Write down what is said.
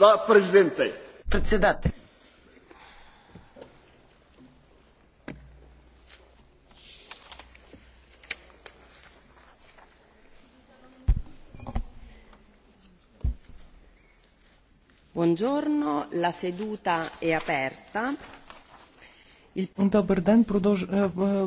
La Presidente. Председател. Buongiorno, la seduta è aperta. Добър ден, продълж...